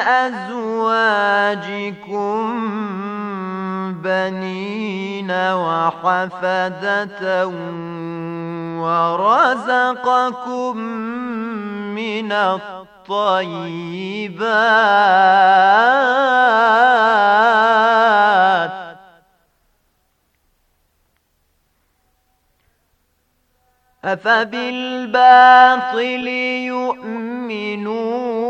أزواجكم بنين وحفدة ورزقكم من الطيبات أفبالباطل يؤمنون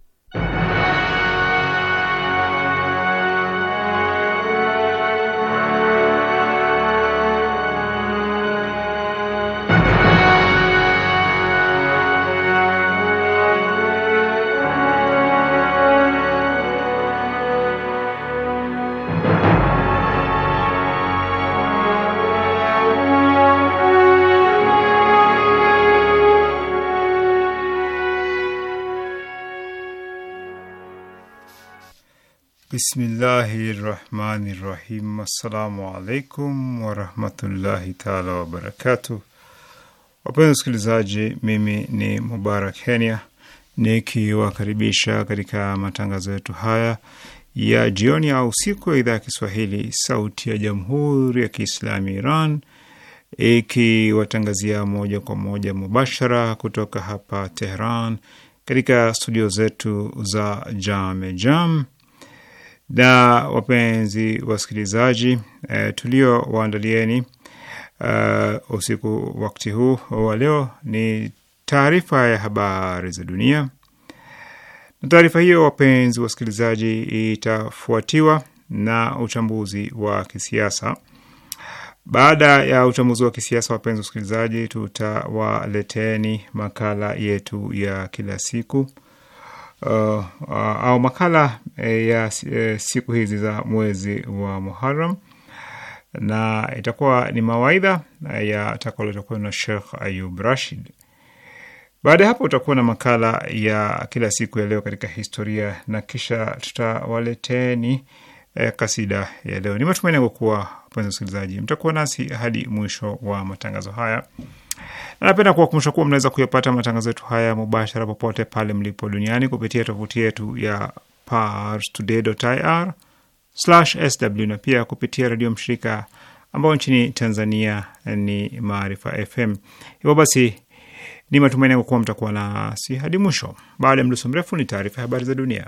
Bismillahi rahmani rahim. Assalamu alaikum warahmatullahi taala wabarakatu. Wapenzi wasikilizaji, mimi ni Mubarak Kenya nikiwakaribisha katika matangazo yetu haya ya jioni au siku ya idhaa ya Kiswahili sauti ya jamhuri ya Kiislami Iran ikiwatangazia moja kwa moja mubashara kutoka hapa Tehran katika studio zetu za Jamejam Jam. Na wapenzi wasikilizaji, e, tulio waandalieni uh, usiku wakati huu wa leo ni taarifa ya habari za dunia, na taarifa hiyo wapenzi wasikilizaji, itafuatiwa na uchambuzi wa kisiasa. Baada ya uchambuzi wa kisiasa, wapenzi wasikilizaji, tutawaleteni makala yetu ya kila siku uh, uh, au makala eh, ya uh, siku hizi za mwezi wa Muharram na itakuwa ni mawaidha eh, ya kwenu na Sheikh Ayub Rashid. Baada ya hapo utakuwa na makala ya kila siku ya leo katika historia na kisha tutawaleteni eh, kasida ya leo. Ni matumaini yangu kuwa mpenzi msikilizaji, mtakuwa nasi hadi mwisho wa matangazo haya. Na napenda kuwakumbusha kuwa mnaweza kuyapata matangazo yetu haya mubashara popote pale mlipo duniani kupitia tovuti yetu ya parstoday.ir sw na pia kupitia redio mshirika ambao nchini Tanzania ni Maarifa FM. Hivyo basi ni matumaini yangu kuwa mtakuwa nasi hadi mwisho. Baada ya mduso mrefu, ni taarifa ya habari za dunia.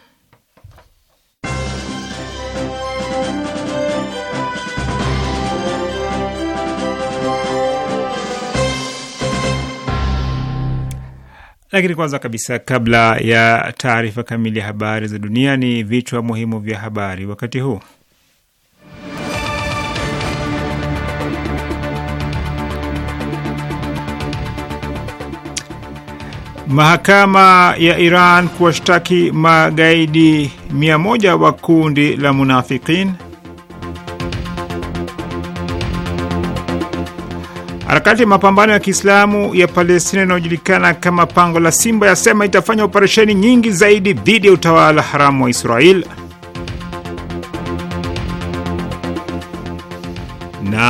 Lakini kwanza kabisa, kabla ya taarifa kamili ya habari za dunia, ni vichwa muhimu vya habari wakati huu. Mahakama ya Iran kuwashtaki magaidi 1 wa kundi la Munafikin. Harakati ya mapambano ya Kiislamu ya Palestina inayojulikana kama Pango la Simba yasema itafanya operesheni nyingi zaidi dhidi ya utawala haramu wa Israel. na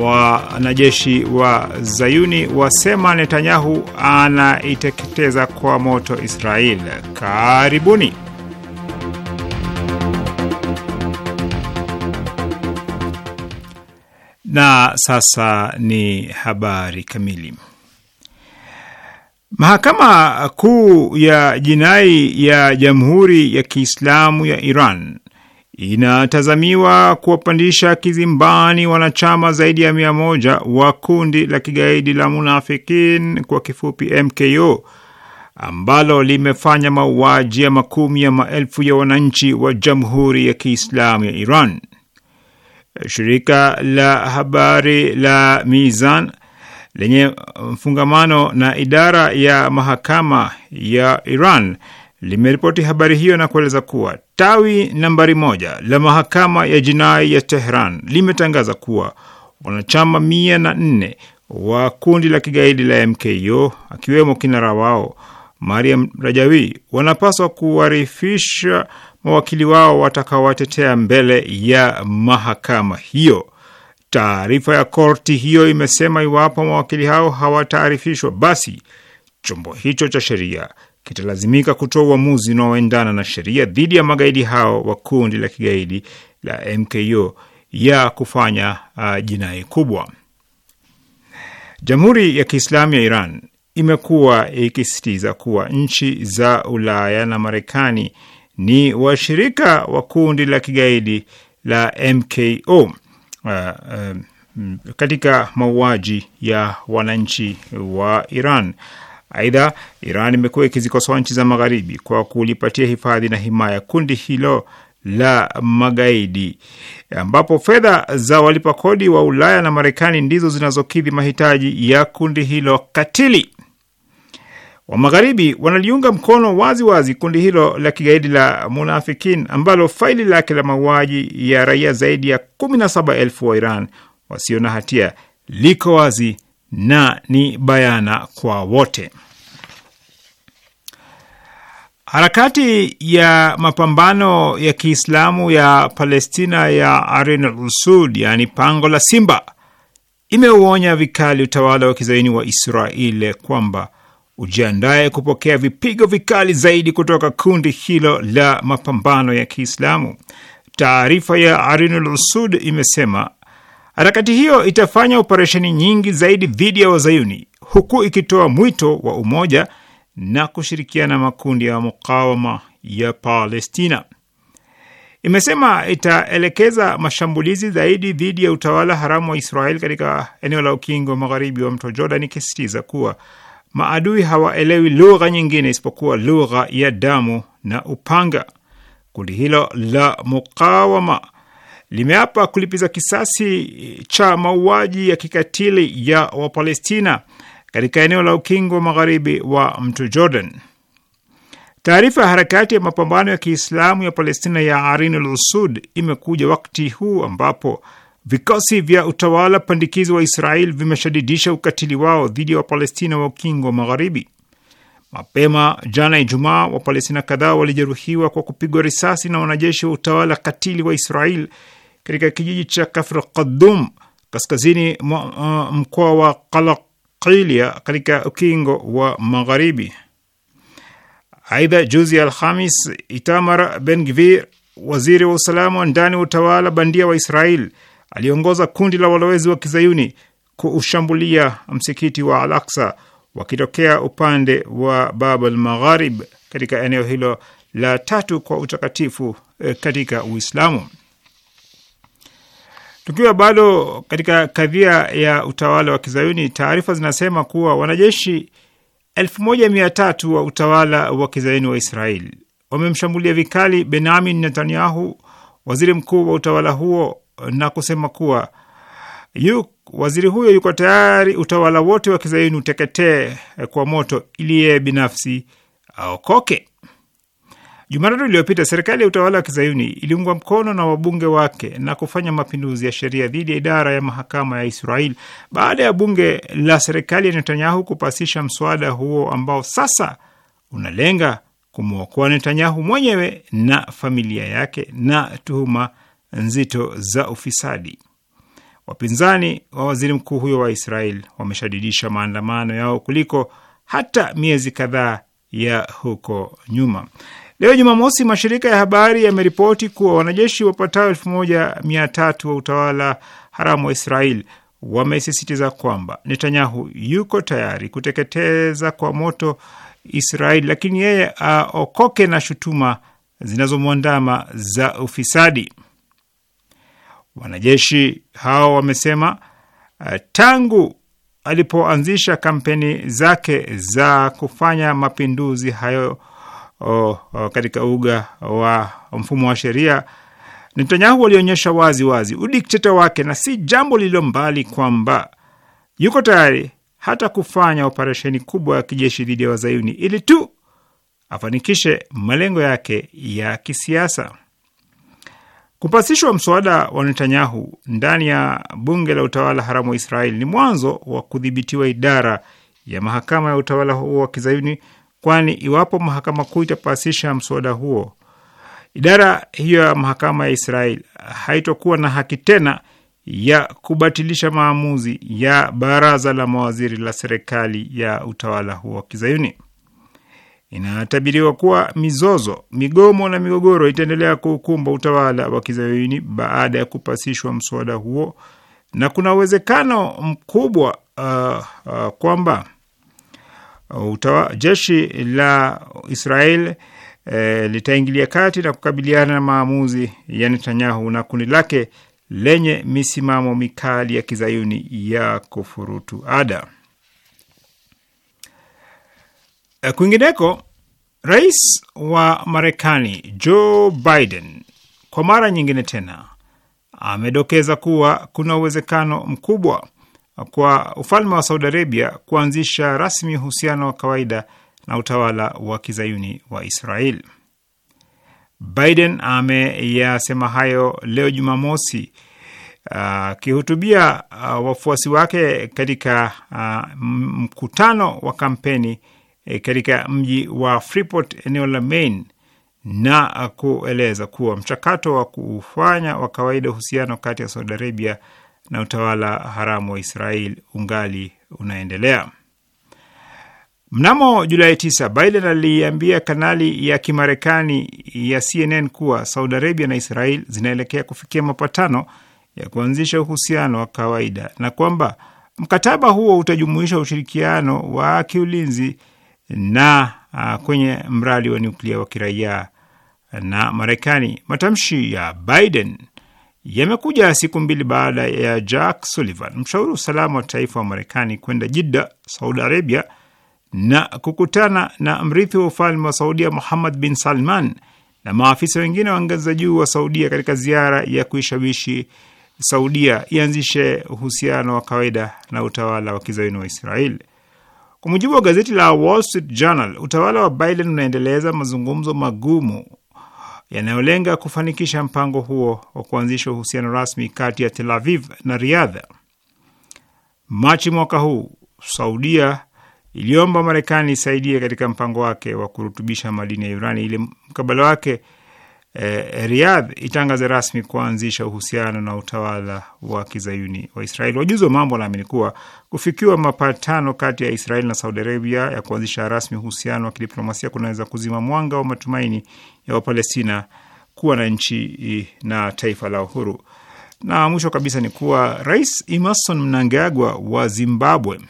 wanajeshi wa Zayuni wasema Netanyahu anaiteketeza kwa moto Israel. Karibuni. Na sasa ni habari kamili. Mahakama Kuu ya Jinai ya Jamhuri ya Kiislamu ya Iran inatazamiwa kuwapandisha kizimbani wanachama zaidi ya mia moja wa kundi la kigaidi la Munafikin kwa kifupi MKO ambalo limefanya mauaji ya makumi ya maelfu ya wananchi wa Jamhuri ya Kiislamu ya Iran shirika la habari la Mizan lenye mfungamano na idara ya mahakama ya Iran limeripoti habari hiyo na kueleza kuwa tawi nambari moja la mahakama ya jinai ya Tehran limetangaza kuwa wanachama mia na nne wa kundi la kigaidi la MKO akiwemo kinara wao Mariam Rajawi wanapaswa kuwarifisha mawakili wao watakawatetea mbele ya mahakama hiyo. Taarifa ya korti hiyo imesema iwapo mawakili hao hawataarifishwa, basi chombo hicho cha sheria kitalazimika kutoa uamuzi unaoendana na sheria dhidi ya magaidi hao wa kundi la kigaidi la MKO ya kufanya uh, jinai kubwa. Jamhuri ya Kiislamu ya Iran imekuwa ikisisitiza kuwa nchi za Ulaya na Marekani ni washirika wa kundi la kigaidi la MKO uh, uh, katika mauaji ya wananchi wa Iran. Aidha, Iran imekuwa ikizikosoa nchi za Magharibi kwa kulipatia hifadhi na himaya kundi hilo la magaidi, ambapo fedha za walipa kodi wa Ulaya na Marekani ndizo zinazokidhi mahitaji ya kundi hilo katili wa magharibi wanaliunga mkono wazi wazi kundi hilo la kigaidi la Munafikin ambalo faili lake la mauaji ya raia zaidi ya 17,000 wa Iran wasio na hatia liko wazi na ni bayana kwa wote. Harakati ya mapambano ya Kiislamu ya Palestina ya Arin usud yaani pango la simba, imeuonya vikali utawala wa kizaini wa israel kwamba ujiandaye kupokea vipigo vikali zaidi kutoka kundi hilo la mapambano ya Kiislamu. Taarifa ya Arinul Usud imesema harakati hiyo itafanya operesheni nyingi zaidi dhidi ya Wazayuni, huku ikitoa mwito wa umoja na kushirikiana makundi ya mukawama ya Palestina. Imesema itaelekeza mashambulizi zaidi dhidi ya utawala haramu wa Israeli katika eneo la ukingo magharibi wa mto Jordan, ikisisitiza kuwa Maadui hawaelewi lugha nyingine isipokuwa lugha ya damu na upanga. Kundi hilo la mukawama limeapa kulipiza kisasi cha mauaji ya kikatili ya Wapalestina katika eneo la ukingo wa magharibi wa mto Jordan. Taarifa ya harakati ya mapambano ya Kiislamu ya Palestina ya Arinul Usud imekuja wakati huu ambapo Vikosi vya utawala pandikizi wa Israel vimeshadidisha ukatili wao dhidi ya Wapalestina wa ukingo wa Magharibi. Mapema jana Ijumaa, Wapalestina kadhaa walijeruhiwa kwa kupigwa risasi na wanajeshi wa utawala katili wa Israel katika kijiji cha Kafr Qadum kaskazini mwa uh, mkoa wa kalakilia katika ukingo wa Magharibi. Aidha, juzi Alhamis, Itamar Ben Gvir, waziri wa usalama wa ndani wa utawala bandia wa Israel aliongoza kundi la walowezi wa kizayuni kuushambulia msikiti wa Al-Aqsa wakitokea upande wa Bab al-Magharib katika eneo hilo la tatu kwa utakatifu eh, katika Uislamu. Tukiwa bado katika kadhia ya utawala wa kizayuni, taarifa zinasema kuwa wanajeshi 1300 wa utawala wa kizayuni wa Israeli wamemshambulia vikali Benyamin Netanyahu, waziri mkuu wa utawala huo na kusema kuwa yuk, waziri huyo yuko tayari utawala wote wa kizayuni uteketee kwa moto ili yeye binafsi aokoke. Jumatatu iliyopita serikali ya utawala wa kizayuni iliungwa mkono na wabunge wake na kufanya mapinduzi ya sheria dhidi ya idara ya mahakama ya Israel baada ya bunge la serikali ya Netanyahu kupasisha mswada huo ambao sasa unalenga kumwokoa Netanyahu mwenyewe na familia yake na tuhuma nzito za ufisadi. Wapinzani wa waziri mkuu huyo wa Israel wameshadidisha maandamano yao kuliko hata miezi kadhaa ya huko nyuma. Leo Jumamosi, mashirika ya habari yameripoti kuwa wanajeshi wapatao elfu moja mia tatu wa utawala haramu wa Israel wamesisitiza kwamba Netanyahu yuko tayari kuteketeza kwa moto Israel, lakini yeye aokoke na shutuma zinazomwandama za ufisadi. Wanajeshi hao wamesema eh, tangu alipoanzisha kampeni zake za kufanya mapinduzi hayo oh, oh, katika uga wa mfumo wa sheria Netanyahu alionyesha wazi wazi udikteta wake, na si jambo lililo mbali kwamba yuko tayari hata kufanya operesheni kubwa ya kijeshi dhidi ya wazayuni ili tu afanikishe malengo yake ya kisiasa. Kupasishwa mswada wa Netanyahu ndani ya bunge la utawala haramu wa Israel ni mwanzo wa kudhibitiwa idara ya mahakama ya utawala huo wa kizayuni, kwani iwapo mahakama kuu itapasisha mswada huo, idara hiyo ya mahakama ya Israel haitokuwa na haki tena ya kubatilisha maamuzi ya baraza la mawaziri la serikali ya utawala huo wa kizayuni. Inatabiriwa kuwa mizozo, migomo na migogoro itaendelea kuukumba utawala wa kizayuni baada ya kupasishwa mswada huo, na kuna uwezekano mkubwa uh, uh, kwamba uh, jeshi la Israel uh, litaingilia kati na kukabiliana na maamuzi ya Netanyahu na kundi lake lenye misimamo mikali ya kizayuni ya kufurutu ada. Eh, kwingineko, rais wa Marekani Joe Biden kwa mara nyingine tena amedokeza kuwa kuna uwezekano mkubwa kwa ufalme wa Saudi Arabia kuanzisha rasmi uhusiano wa kawaida na utawala wa kizayuni wa Israel. Biden ameyasema hayo leo Jumamosi ah, akihutubia uh, uh, wafuasi wake katika uh, mkutano wa kampeni E, katika mji wa Freeport eneo la Maine na kueleza kuwa mchakato wa kufanya wa kawaida uhusiano kati ya Saudi Arabia na utawala haramu wa Israel ungali unaendelea. Mnamo Julai 9, Biden aliambia kanali ya Kimarekani ya CNN kuwa Saudi Arabia na Israel zinaelekea kufikia mapatano ya kuanzisha uhusiano wa kawaida na kwamba mkataba huo utajumuisha ushirikiano wa kiulinzi na a, ah, kwenye mradi wa nyuklia wa kiraia na Marekani. Matamshi ya Biden yamekuja siku mbili baada ya Jack Sullivan, mshauri usalama wa taifa wa Marekani, kwenda Jidda, Saudi Arabia na kukutana na mrithi wa ufalme wa Saudia Muhammad bin Salman na maafisa wengine wa ngazi za juu wa Saudia katika ziara ya kuishawishi Saudia ianzishe uhusiano wa kawaida na utawala wa kizayuni wa Israeli. Kwa mujibu wa gazeti la Wall Street Journal, utawala wa Biden unaendeleza mazungumzo magumu yanayolenga kufanikisha mpango huo wa kuanzisha uhusiano rasmi kati ya Tel Aviv na Riadha. Machi mwaka huu, Saudia iliomba Marekani isaidie katika mpango wake wa kurutubisha madini ya urani ili mkabala wake Eh, eh, Riyadh itangaze rasmi kuanzisha uhusiano na utawala wa kizayuni wa Israeli. Wajuzi wa mambo wanaamini kuwa kufikiwa mapatano kati ya Israeli na Saudi Arabia ya kuanzisha rasmi uhusiano wa kidiplomasia kunaweza kuzima mwanga wa matumaini ya Wapalestina kuwa na nchi na taifa la uhuru. Na mwisho kabisa ni kuwa Rais Emerson Mnangagwa wa Zimbabwe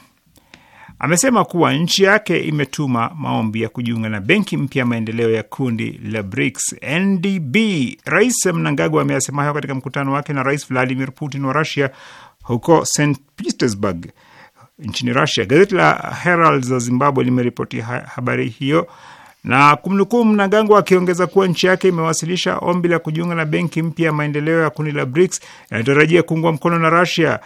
amesema kuwa nchi yake imetuma maombi ya kujiunga na benki mpya ya maendeleo ya kundi la BRICS, NDB. Rais Mnangagwa ameyasema hayo katika mkutano wake na Rais Vladimir Putin wa Russia huko St Petersburg nchini Russia. Gazeti la Herald za Zimbabwe limeripoti habari hiyo na kumnukuu Mnangagwa akiongeza kuwa nchi yake imewasilisha ombi la kujiunga na benki mpya ya maendeleo ya kundi la BRICS inayotarajia kuungwa mkono na Russia.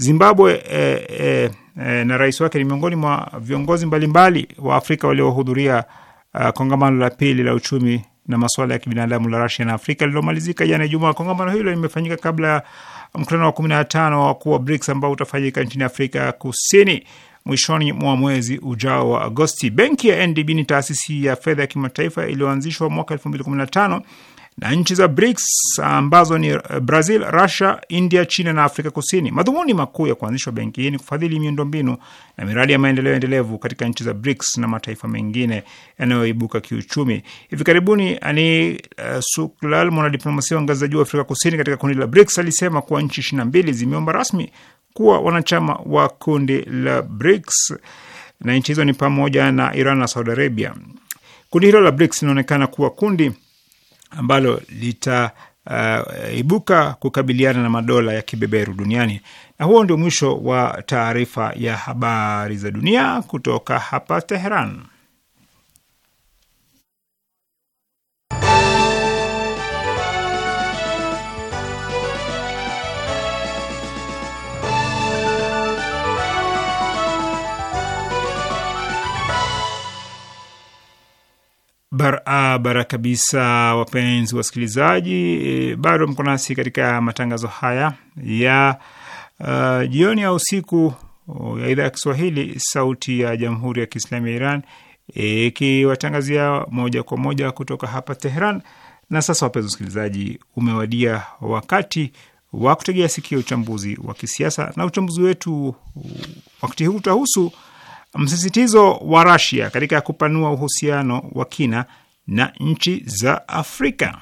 Zimbabwe eh, eh, eh, na rais wake ni miongoni mwa viongozi mbalimbali mbali wa Afrika waliohudhuria uh, kongamano la pili la uchumi na masuala ya kibinadamu la Rusia na Afrika lililomalizika jana Ijumaa. Kongamano hilo limefanyika kabla ya mkutano wa 15 wa wakuu wa BRICS ambao utafanyika nchini Afrika Kusini mwishoni mwa mwezi ujao wa Agosti. Benki ya NDB ni taasisi ya fedha ya kimataifa iliyoanzishwa mwaka tano na nchi za BRICS ambazo ni eh, Brazil, Russia, India, China na Afrika Kusini. Madhumuni makuu ya kuanzishwa benki hii ni kufadhili miundombinu na miradi ya maendeleo endelevu katika nchi za BRICS na mataifa mengine yanayoibuka kiuchumi. Hivi karibuni ani uh, Suklal, mwanadiplomasia wa ngazi za juu wa Afrika Kusini katika kundi la BRICS, alisema kuwa nchi ishirini na mbili zimeomba rasmi kuwa wanachama wa kundi la BRICS na nchi hizo ni pamoja na Iran na Saudi Arabia. Kundi hilo la BRICS linaonekana kuwa kundi ambalo litaibuka uh, kukabiliana na madola ya kibeberu duniani. Na huo ndio mwisho wa taarifa ya habari za dunia kutoka hapa Teheran. barabara kabisa, wapenzi wasikilizaji, e, bado mko nasi katika matangazo haya ya uh, jioni au usiku uh, ya idhaa ya Kiswahili sauti ya jamhuri ya Kiislamu ya Iran ikiwatangazia e, moja kwa moja kutoka hapa Teheran. Na sasa, wapenzi wasikilizaji, umewadia wakati wa kutegea sikio uchambuzi wa kisiasa, na uchambuzi wetu uh, wakati huu utahusu msisitizo wa Rasia katika kupanua uhusiano wa kina na nchi za Afrika.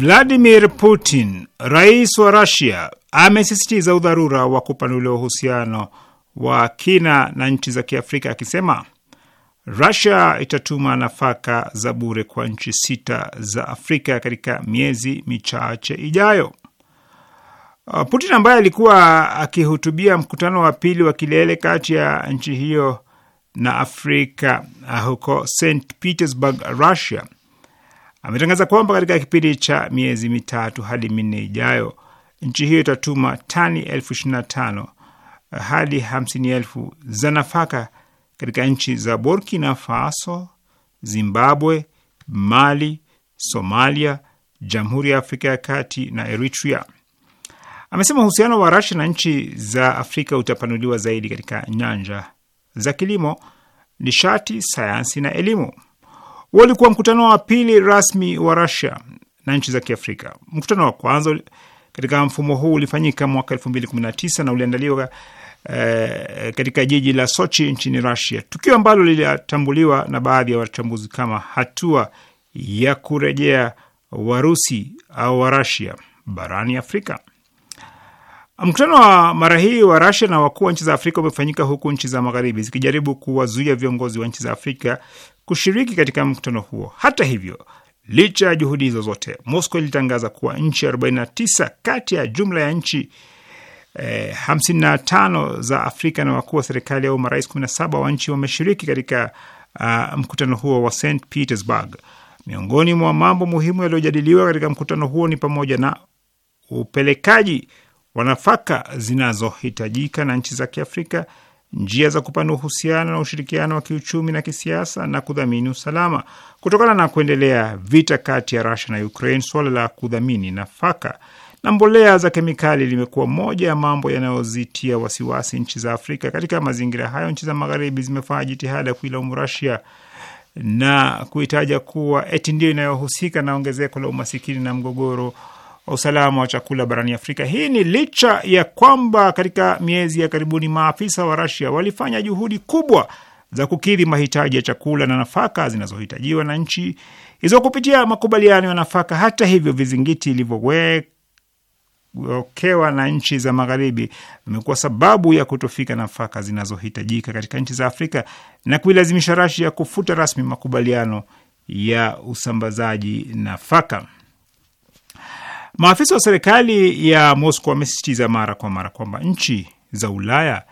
Vladimir Putin, rais wa Rusia, amesisitiza udharura wa kupanuliwa uhusiano wa kina na nchi za Kiafrika akisema Rusia itatuma nafaka za bure kwa nchi sita za Afrika katika miezi michache ijayo. Uh, Putin ambaye alikuwa akihutubia mkutano wa pili wa kilele kati ya nchi hiyo na Afrika uh, huko St Petersburg, Russia ametangaza kwamba katika kipindi cha miezi mitatu hadi minne ijayo nchi hiyo itatuma tani elfu ishirini na tano eh, hadi hamsini elfu za nafaka katika nchi za Burkina Faso, Zimbabwe, Mali, Somalia, Jamhuri ya Afrika ya Kati na Eritrea. Amesema uhusiano wa Rasia na nchi za Afrika utapanuliwa zaidi katika nyanja za kilimo, nishati, sayansi na elimu. Huo ulikuwa mkutano wa pili rasmi wa Rusia na nchi za Kiafrika. Mkutano wa kwanza katika mfumo huu ulifanyika mwaka kumi na uliandaliwa eh, katika jiji la Sochi nchini Rusia, tukio ambalo lilitambuliwa na baadhi ya wachambuzi kama hatua ya kurejea Warusi au Warasia barani Afrika. Mkutano wa mara hii wa Rasia na wakuu wa nchi za Afrika umefanyika huku nchi za Magharibi zikijaribu kuwazuia viongozi wa nchi za Afrika kushiriki katika mkutano huo. Hata hivyo, licha ya juhudi hizo zote, Moscow ilitangaza kuwa nchi 49 kati ya jumla ya nchi eh, 55 za Afrika na wakuu wa serikali au marais 17 wa nchi wameshiriki katika uh, mkutano huo wa St Petersburg. Miongoni mwa mambo muhimu yaliyojadiliwa katika mkutano huo ni pamoja na upelekaji wa nafaka zinazohitajika na nchi za Kiafrika njia za kupanua uhusiano na ushirikiano wa kiuchumi na kisiasa na kudhamini usalama. Kutokana na kuendelea vita kati ya Rusia na Ukraine, suala la kudhamini nafaka na mbolea za kemikali limekuwa moja ya mambo yanayozitia wasiwasi nchi za Afrika. Katika mazingira hayo, nchi za Magharibi zimefanya jitihada ya kuilaumu Rusia na kuitaja kuwa eti ndio inayohusika na ongezeko la umasikini na mgogoro wa usalama wa chakula barani Afrika. Hii ni licha ya kwamba katika miezi ya karibuni maafisa wa Rasia walifanya juhudi kubwa za kukidhi mahitaji ya chakula na nafaka zinazohitajiwa na nchi hizo kupitia makubaliano ya nafaka. Hata hivyo, vizingiti ilivyowekewa na nchi za magharibi vimekuwa sababu ya kutofika nafaka zinazohitajika katika nchi za Afrika na kuilazimisha Rasia kufuta rasmi makubaliano ya usambazaji nafaka. Maafisa wa serikali ya Moscow wamesisitiza mara kwa mara kwamba nchi za Ulaya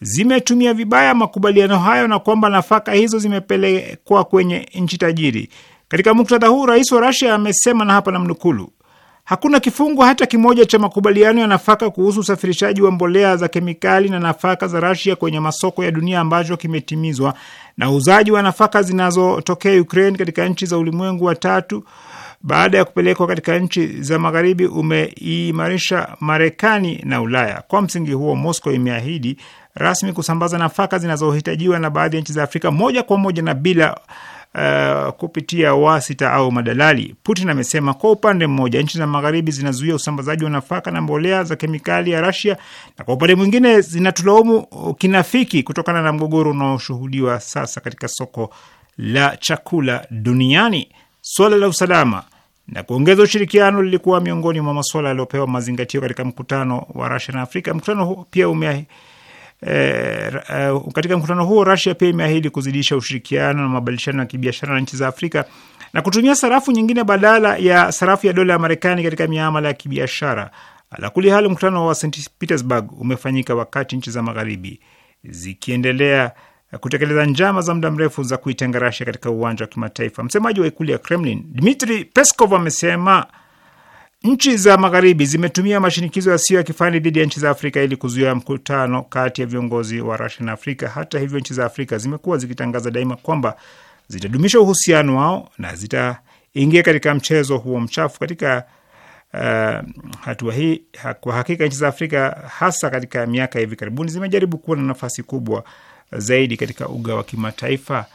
zimetumia vibaya makubaliano hayo na kwamba nafaka hizo zimepelekwa kwenye nchi tajiri. Katika muktadha huu, rais wa Rusia amesema na hapa namnukulu, hakuna kifungu hata kimoja cha makubaliano ya nafaka kuhusu usafirishaji wa mbolea za kemikali na nafaka za Rusia kwenye masoko ya dunia ambacho kimetimizwa, na uuzaji wa nafaka zinazotokea Ukraine katika nchi za ulimwengu wa tatu baada ya kupelekwa katika nchi za magharibi umeimarisha Marekani na Ulaya. Kwa msingi huo, Moscow imeahidi rasmi kusambaza nafaka zinazohitajiwa na baadhi ya nchi za Afrika moja kwa moja na bila Uh, kupitia wasita au madalali. Putin amesema kwa upande mmoja nchi za magharibi zinazuia usambazaji wa nafaka na mbolea za kemikali ya Russia, na kwa upande mwingine zinatulaumu kinafiki kutokana na mgogoro unaoshuhudiwa sasa katika soko la chakula duniani. Suala la usalama na kuongeza ushirikiano lilikuwa miongoni mwa masuala yaliyopewa mazingatio katika mkutano wa Rusia na Afrika. Mkutano huo pia ume E, uh, eh, katika mkutano huo Russia pia imeahidi kuzidisha ushirikiano na mabadilishano ya kibiashara na nchi za Afrika na kutumia sarafu nyingine badala ya sarafu ya dola ya Marekani katika miamala ya kibiashara. kuli hali mkutano wa St Petersburg umefanyika wakati nchi za magharibi zikiendelea kutekeleza njama za muda mrefu za kuitenga Rasia katika uwanja wa kimataifa. Msemaji wa ikulu ya Kremlin Dmitri Peskov amesema nchi za magharibi zimetumia mashinikizo yasiyo ya kifani dhidi ya nchi za Afrika ili kuzuia mkutano kati ya viongozi wa Rasia na Afrika. Hata hivyo, nchi za Afrika zimekuwa zikitangaza daima kwamba zitadumisha uhusiano wao na zitaingia katika mchezo huo mchafu. Katika uh, hatua hii kwa hakika nchi za Afrika hasa katika miaka hivi karibuni zimejaribu kuwa na nafasi kubwa uh, zaidi katika uga wa kimataifa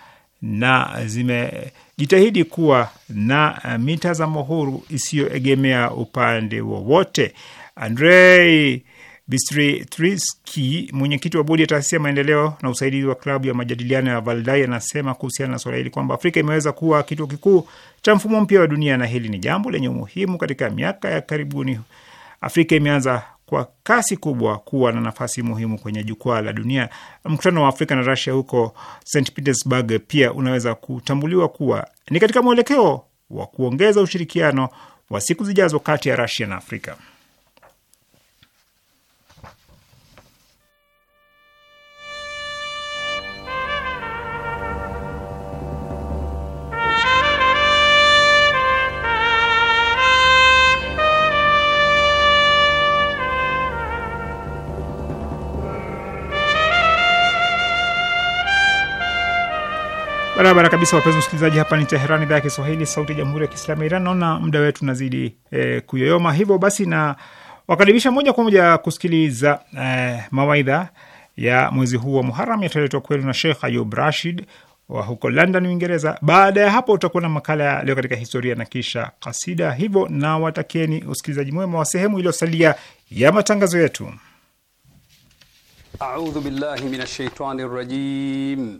na zimejitahidi kuwa na mitazamo huru isiyoegemea upande wowote. Andrei Bistritriski, mwenyekiti wa bodi ya taasisi ya maendeleo na usaidizi wa klabu ya majadiliano ya Valdai, anasema kuhusiana na suala hili kwamba Afrika imeweza kuwa kituo kikuu cha mfumo mpya wa dunia na hili ni jambo lenye umuhimu. Katika miaka ya karibuni, Afrika imeanza kwa kasi kubwa kuwa na nafasi muhimu kwenye jukwaa la dunia. Mkutano wa Afrika na rasia huko St Petersburg pia unaweza kutambuliwa kuwa ni katika mwelekeo wa kuongeza ushirikiano wa siku zijazo kati ya rasia na Afrika. Barabara kabisa, wapenzi msikilizaji, hapa ni Teherani, idhaa ya Kiswahili, sauti ya jamhuri ya kiislamu ya Iran. Naona muda wetu unazidi e, kuyoyoma, hivyo basi na wakaribisha moja kwa moja kusikiliza e, mawaidha ya mwezi huu wa Muharam yataletwa kwenu na Sheikh Ayub Rashid wa huko London, Uingereza. Baada ya hapo utakuwa na makala ya leo katika historia na kisha kasida. Hivyo na watakieni usikilizaji mwema wa sehemu iliyosalia ya matangazo yetu. Audhu billahi minash shaitani rajim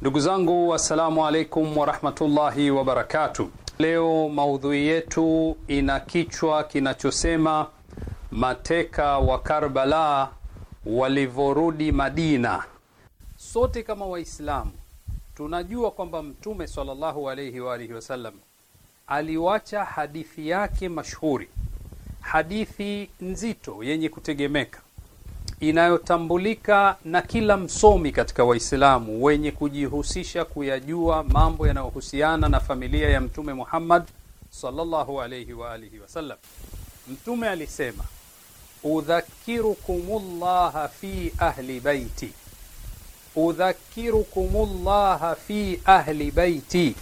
Ndugu zangu, assalamu alaikum warahmatullahi wabarakatu Leo maudhui yetu ina kichwa kinachosema mateka wa Karbala walivyorudi Madina. Sote kama Waislamu tunajua kwamba Mtume sallallahu alayhi wa alihi wasallam aliwacha hadithi yake mashhuri hadithi nzito yenye kutegemeka inayotambulika na kila msomi katika Waislamu wenye kujihusisha kuyajua mambo yanayohusiana na familia ya Mtume Muhammad sallallahu alayhi wa alihi wasallam. Mtume alisema, udhakirukumullah fi ahli baiti, udhakirukumullah fi ahli baiti,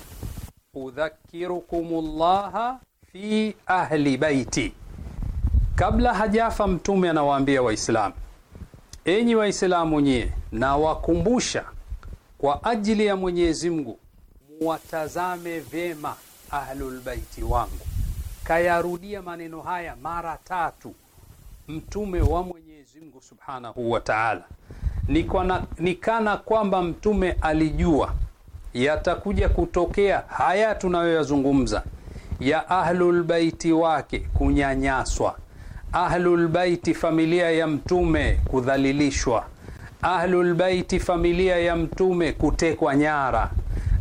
udhakirukumullah fi ahli baiti. Kabla hajafa Mtume anawaambia Waislamu Enyi Waislamu nyie, nawakumbusha kwa ajili ya Mwenyezi Mungu muwatazame vyema ahlulbaiti wangu. Kayarudia maneno haya mara tatu Mtume wa Mwenyezi Mungu subhanahu wa taala, nikana kwamba Mtume alijua yatakuja kutokea haya tunayoyazungumza ya ahlulbaiti wake kunyanyaswa Ahlulbaiti, familia ya Mtume, kudhalilishwa. Ahlulbaiti, familia ya Mtume, kutekwa nyara.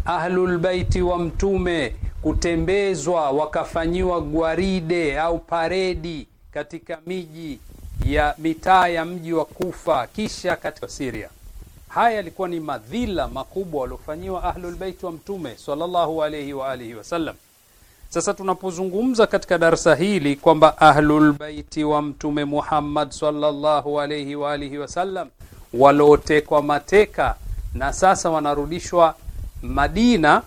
Ahlulbaiti wa Mtume kutembezwa wakafanyiwa gwaride au paredi katika miji ya mitaa ya mji wa Kufa, kisha katika Siria. Haya yalikuwa ni madhila makubwa waliofanyiwa Ahlulbeiti wa Mtume sallallahu alayhi wa alihi wasallam. Sasa tunapozungumza katika darsa hili kwamba ahlulbaiti wa Mtume Muhammad sallallahu alaihi wa alihi wasallam waliotekwa mateka na sasa wanarudishwa Madina,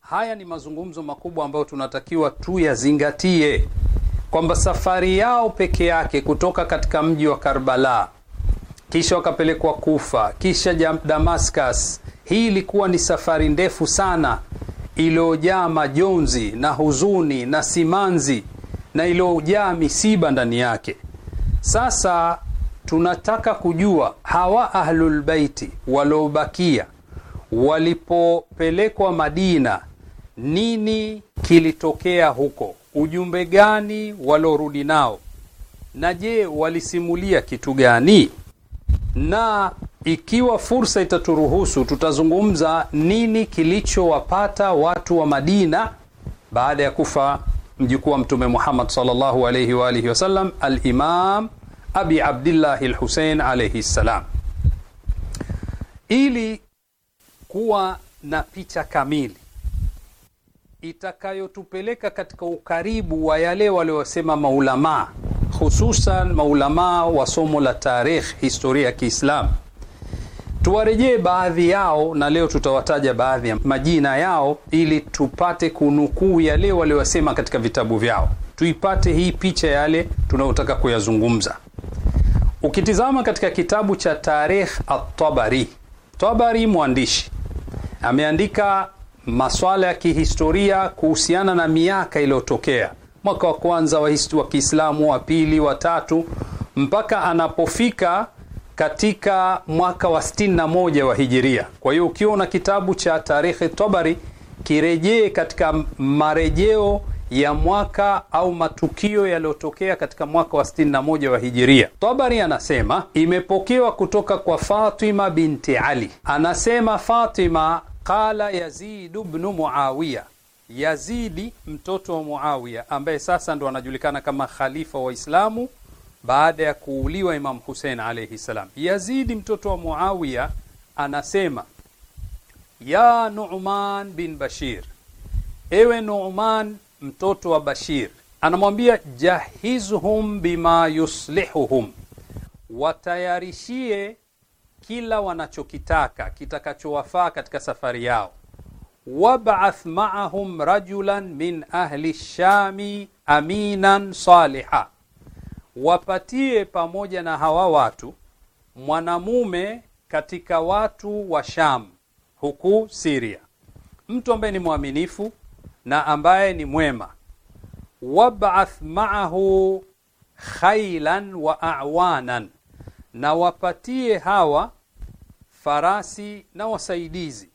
haya ni mazungumzo makubwa ambayo tunatakiwa tu yazingatie kwamba safari yao peke yake kutoka katika mji wa Karbala kisha wakapelekwa Kufa kisha Damascus, hii ilikuwa ni safari ndefu sana iliyojaa majonzi na huzuni na simanzi na iliyojaa misiba ndani yake. Sasa tunataka kujua hawa ahlulbeiti waliobakia walipopelekwa Madina, nini kilitokea huko? Ujumbe gani walorudi nao? Na je, walisimulia kitu gani? Na ikiwa fursa itaturuhusu, tutazungumza nini kilichowapata watu wa Madina baada ya kufa mjukuu wa Mtume Muhammad sallallahu alayhi wa alihi wasallam, al-Imam Abi abdillahi al-Hussein alayhi salam, ili kuwa na picha kamili itakayotupeleka katika ukaribu wa yale waliosema maulamaa, hususan maulamaa wa somo la tarikh, historia ya Kiislamu Tuwarejee baadhi yao, na leo tutawataja baadhi ya majina yao ili tupate kunukuu yale waliyosema katika vitabu vyao, tuipate hii picha yale tunayotaka kuyazungumza. Ukitizama katika kitabu cha Tarikh at-Tabari, Tabari mwandishi ameandika maswala ya kihistoria kuhusiana na miaka iliyotokea mwaka wa kwanza wa Kiislamu, wa pili, wa tatu mpaka anapofika katika mwaka wa 61 wa hijiria. Kwa hiyo ukiwa na kitabu cha Tarikhi Tabari kirejee katika marejeo ya mwaka au matukio yaliyotokea katika mwaka wa 61 wa hijiria. Tabari anasema imepokewa kutoka kwa Fatima binti Ali, anasema Fatima qala Yazid ibn Muawiya, Yazidi mtoto wa Muawiya ambaye sasa ndo anajulikana kama khalifa wa Islamu baada ya kuuliwa Imam Hussein alayhi salam. Yazidi mtoto wa Muawiya anasema ya Nu'man bin Bashir, ewe Nu'man mtoto wa Bashir, anamwambia jahizhum bima yuslihuhum, watayarishie kila wanachokitaka kitakachowafaa katika safari yao. Wab'ath ma'ahum rajulan min ahli shami aminan saliha wapatie pamoja na hawa watu mwanamume katika watu wa Sham huku Syria, mtu ambaye ni mwaminifu na ambaye ni mwema. Wab'ath ma'ahu khailan wa a'wanan, na wapatie hawa farasi na wasaidizi.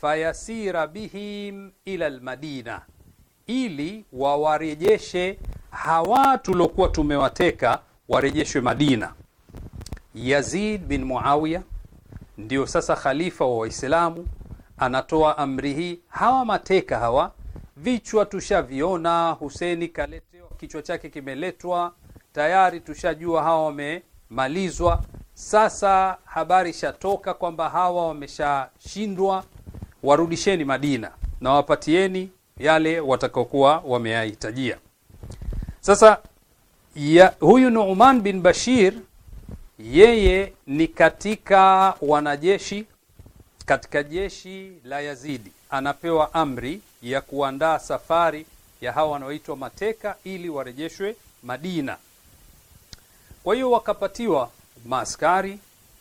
Fayasira bihim ila lmadina ili wawarejeshe hawa tulokuwa tumewateka warejeshwe Madina. Yazid bin Muawiya ndio sasa khalifa wa Waislamu, anatoa amri hii. Hawa mateka hawa, vichwa tushaviona, Huseni kaletewa kichwa chake kimeletwa tayari, tushajua hawa wamemalizwa. Sasa habari shatoka kwamba hawa wameshashindwa, warudisheni Madina na wapatieni yale watakaokuwa wameyahitajia. Sasa ya, huyu Nu'man bin Bashir yeye ni katika wanajeshi katika jeshi la Yazidi, anapewa amri ya kuandaa safari ya hawa wanaoitwa mateka ili warejeshwe Madina. Kwa hiyo wakapatiwa maaskari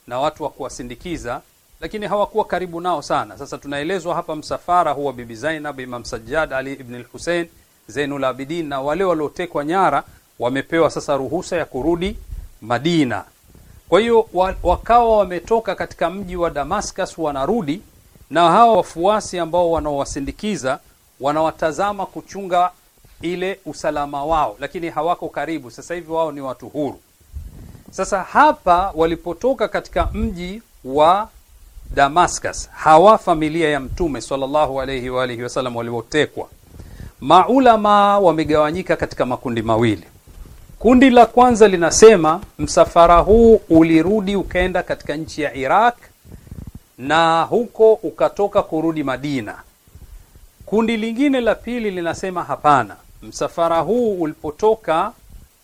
na watu wa kuwasindikiza, lakini hawakuwa karibu nao sana. Sasa tunaelezwa hapa msafara huwa Bibi Zainab, Imam Sajjad, Ali ibn al-Hussein Zainul Abidin na wale waliotekwa nyara wamepewa sasa ruhusa ya kurudi Madina. Kwa hiyo wakawa wametoka katika mji wa Damascus wanarudi, na hawa wafuasi ambao wanaowasindikiza wanawatazama kuchunga ile usalama wao, lakini hawako karibu. Sasa hivi wao ni watu huru. Sasa hapa walipotoka katika mji wa Damascus, hawa familia ya Mtume sallallahu alayhi wa alihi wasallam waliotekwa maulama wamegawanyika katika makundi mawili. Kundi la kwanza linasema msafara huu ulirudi ukaenda katika nchi ya Iraq na huko ukatoka kurudi Madina. Kundi lingine la pili linasema hapana, msafara huu ulipotoka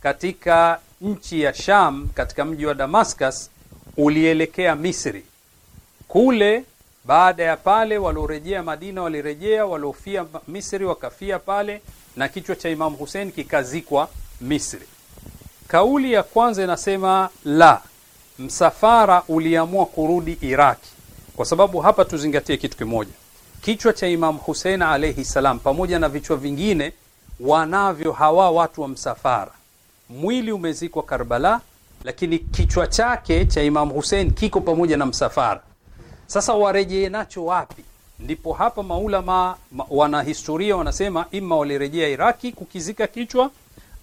katika nchi ya Sham katika mji wa Damascus ulielekea Misri kule baada ya pale waliorejea Madina walirejea, waliofia Misri wakafia pale, na kichwa cha Imamu Hussein kikazikwa Misri. Kauli ya kwanza inasema la, msafara uliamua kurudi Iraki, kwa sababu hapa tuzingatie kitu kimoja. Kichwa cha Imam Hussein alayhi salam pamoja na vichwa vingine wanavyo hawa watu wa msafara. Mwili umezikwa Karbala, lakini kichwa chake cha Imam Hussein kiko pamoja na msafara sasa warejee nacho wapi? Ndipo hapa maulama ma, wanahistoria wanasema ima walirejea Iraki kukizika kichwa,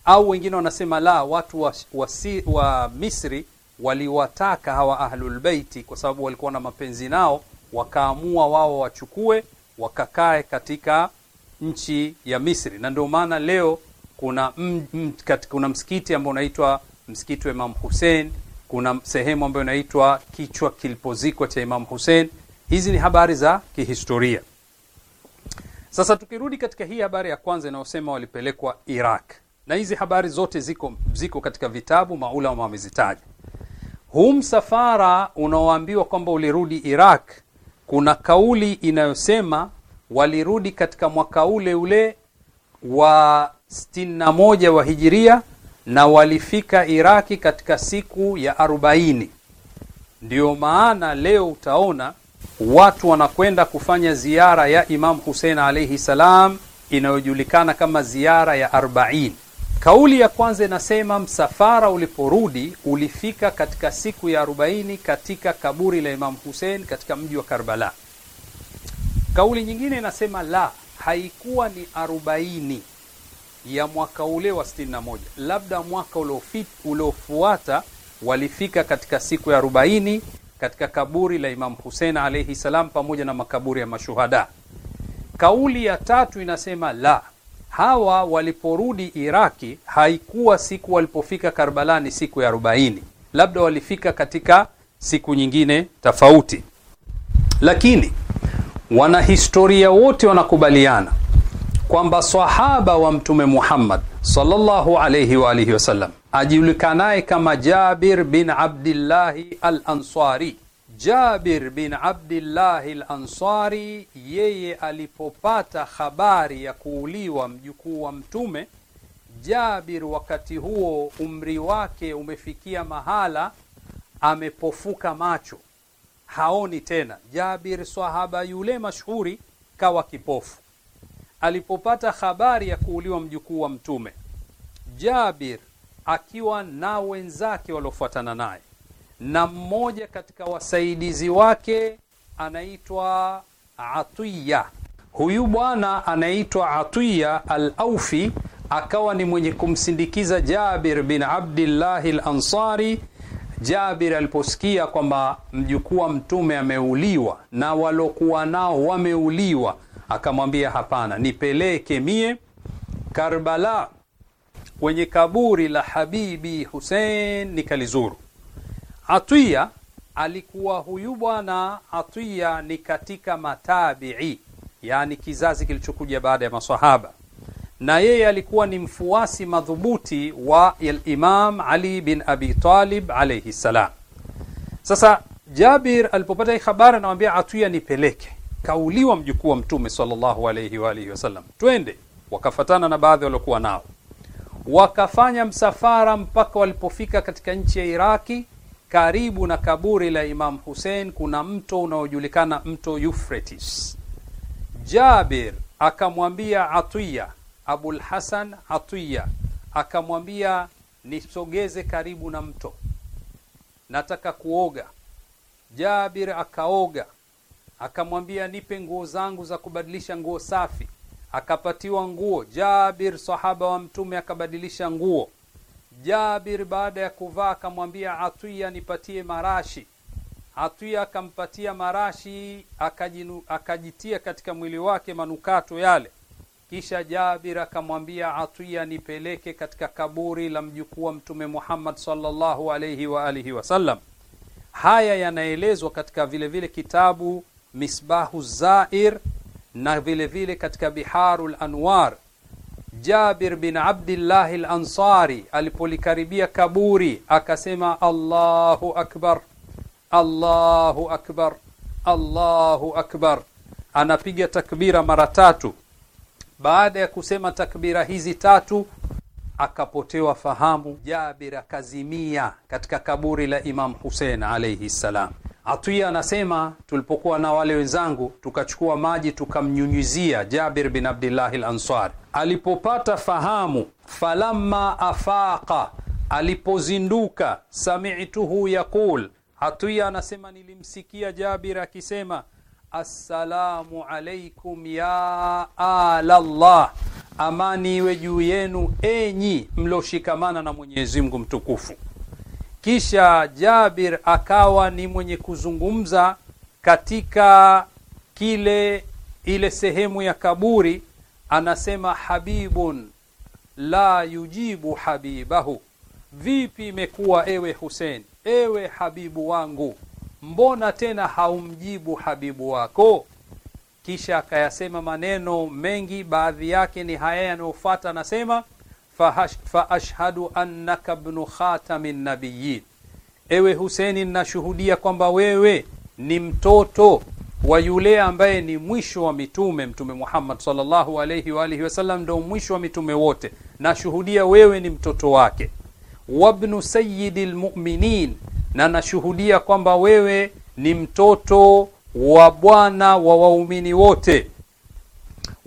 au wengine wanasema la, watu wa, wa, wa Misri waliwataka hawa ahlulbeiti kwa sababu walikuwa na mapenzi nao, wakaamua wao wachukue wakakae katika nchi ya Misri, na ndio maana leo kuna, mm, kuna msikiti ambao unaitwa msikiti wa Imam Hussein kuna sehemu ambayo inaitwa kichwa kilipozikwa cha Imam Hussein. Hizi ni habari za kihistoria. Sasa tukirudi katika hii habari ya kwanza inayosema walipelekwa Iraq, na hizi habari zote ziko ziko katika vitabu, maulama wamezitaja. Huu msafara unaoambiwa kwamba ulirudi Iraq, kuna kauli inayosema walirudi katika mwaka ule ule wa 61 wa hijiria na walifika Iraki katika siku ya arobaini. Ndiyo maana leo utaona watu wanakwenda kufanya ziara ya Imam Husein alaihi salam inayojulikana kama ziara ya arobaini. Kauli ya kwanza inasema msafara uliporudi ulifika katika siku ya arobaini katika kaburi la Imam Hussein katika mji wa Karbala. Kauli nyingine inasema la, haikuwa ni arobaini ya mwaka ule wa 61. Labda mwaka uliofuata walifika katika siku ya 40 katika kaburi la Imam Hussein alayhi salam, pamoja na makaburi ya mashuhada. Kauli ya tatu inasema la, hawa waliporudi Iraki haikuwa siku walipofika Karbala ni siku ya 40, labda walifika katika siku nyingine tofauti, lakini wanahistoria wote wanakubaliana kwamba sahaba wa Mtume Muhammad sallallahu alayhi wa alihi wasallam ajulikanaye kama Jabir bin Abdillahi al-Ansari. Jabir bin Abdillahi al-Ansari, yeye alipopata habari ya kuuliwa mjukuu wa Mtume Jabir, wakati huo umri wake umefikia mahala amepofuka macho, haoni tena. Jabir sahaba yule mashuhuri kawa kipofu alipopata habari ya kuuliwa mjukuu wa Mtume Jabir akiwa na wenzake waliofuatana naye na mmoja katika wasaidizi wake anaitwa Atiya. Huyu bwana anaitwa Atiya al-Aufi akawa ni mwenye kumsindikiza Jabir bin Abdillahi al-Ansari. Jabir aliposikia kwamba mjukuu wa mtume ameuliwa na walokuwa nao wameuliwa Akamwambia, hapana, nipeleke mie Karbala kwenye kaburi la habibi Hussein nikalizuru. Atiya alikuwa huyu bwana Atiya ni katika matabii, yani kizazi kilichokuja baada ya masahaba, na yeye alikuwa ni mfuasi madhubuti wa imam Ali bin Abi Talib alayhi salam. Sasa Jabir alipopata hii habari, anamwambia Atiya, nipeleke kauliwa mjukuu wa Mtume sallallahu alayhi wa alihi wasallam, twende. Wakafatana na baadhi waliokuwa nao, wakafanya msafara mpaka walipofika katika nchi ya Iraki, karibu na kaburi la Imam Hussein kuna mto unaojulikana mto Euphrates. Jabir akamwambia Atiya, Abul Hasan Atiya akamwambia nisogeze karibu na mto, nataka kuoga. Jabir akaoga akamwambia nipe nguo zangu za kubadilisha nguo safi. Akapatiwa nguo. Jabir sahaba wa Mtume akabadilisha nguo. Jabir baada ya kuvaa akamwambia Atiya, nipatie marashi. Atiya akampatia marashi, akajinu, akajitia katika mwili wake manukato yale. Kisha Jabir akamwambia Atiya, nipeleke katika kaburi la mjukuu wa Mtume Muhammad sallallahu alaihi wa alihi wasallam. Haya yanaelezwa katika vile vile kitabu Misbahu Zair na vile vile katika Biharul Anwar Jabir bin abdillahi lansari alipolikaribia kaburi akasema, Allahu akbar, Allahu akbar, Allahu akbar. Anapiga takbira mara tatu. Baada ya kusema takbira hizi tatu, akapotewa fahamu. Jabir akazimia katika kaburi la Imam Hussein alayhi salam. Atwiya anasema tulipokuwa na wale wenzangu tukachukua maji tukamnyunyizia Jabir bin Abdillahi lansar alipopata fahamu, falamma afaqa, alipozinduka, samituhu yaqul, hatwia anasema nilimsikia Jabir akisema assalamu alaikum ya alallah, amani iwe juu yenu enyi mlioshikamana na Mwenyezi Mungu mtukufu. Kisha Jabir akawa ni mwenye kuzungumza katika kile ile sehemu ya kaburi, anasema habibun la yujibu habibahu, vipi imekuwa ewe Hussein, ewe habibu wangu, mbona tena haumjibu habibu wako? Kisha akayasema maneno mengi, baadhi yake ni haya yanayofuata, anasema faashhadu annaka bnu khatami nabiyin, ewe Huseni, nashuhudia kwamba wewe ni mtoto wa yule ambaye ni mwisho wa mitume, Mtume Muhammad sallallahu alayhi wa alihi wasallam ndio mwisho wa mitume wote. Nashuhudia wewe ni mtoto wake. Wabnu sayyidil lmuminin na nashuhudia kwamba wewe ni mtoto wa bwana wa waumini wote.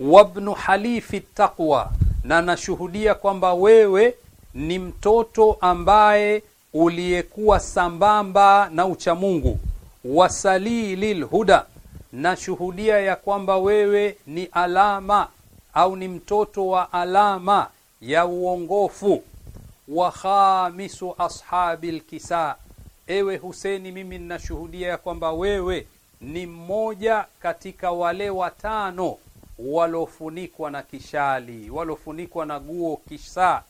Wabnu halifi taqwa na nashuhudia kwamba wewe ni mtoto ambaye uliyekuwa sambamba na uchamungu wasalii lilhuda, nashuhudia ya kwamba wewe ni alama au ni mtoto wa alama ya uongofu. Wa khamisu ashabi lkisa, ewe Huseni, mimi nnashuhudia ya kwamba wewe ni mmoja katika wale watano walofunikwa na kishali, walofunikwa na guo kisa,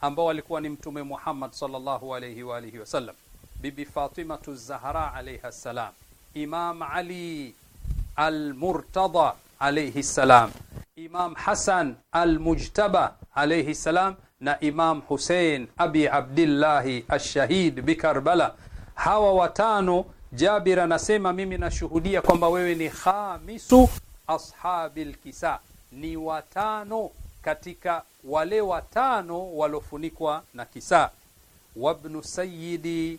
ambao walikuwa ni Mtume Muhammad sallallahu alayhi wa alihi wasallam, Bibi Fatimatu Zahra alayha salam, Imam Ali Almurtada alayhi salam, Imam Hasan Almujtaba alayhi salam na Imam husein Abi Abdillahi Ashahid bikarbala. Hawa watano, Jabir anasema mimi nashuhudia kwamba wewe ni khamisu ashabil kisa, ni watano katika wale watano walofunikwa na kisa Wabnu sayyidi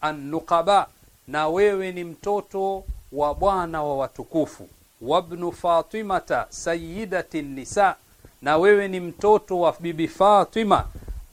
annuqaba, na wewe ni mtoto wa bwana wa watukufu. Wabnu fatimata sayyidati nisa, na wewe ni mtoto wa bibi Fatima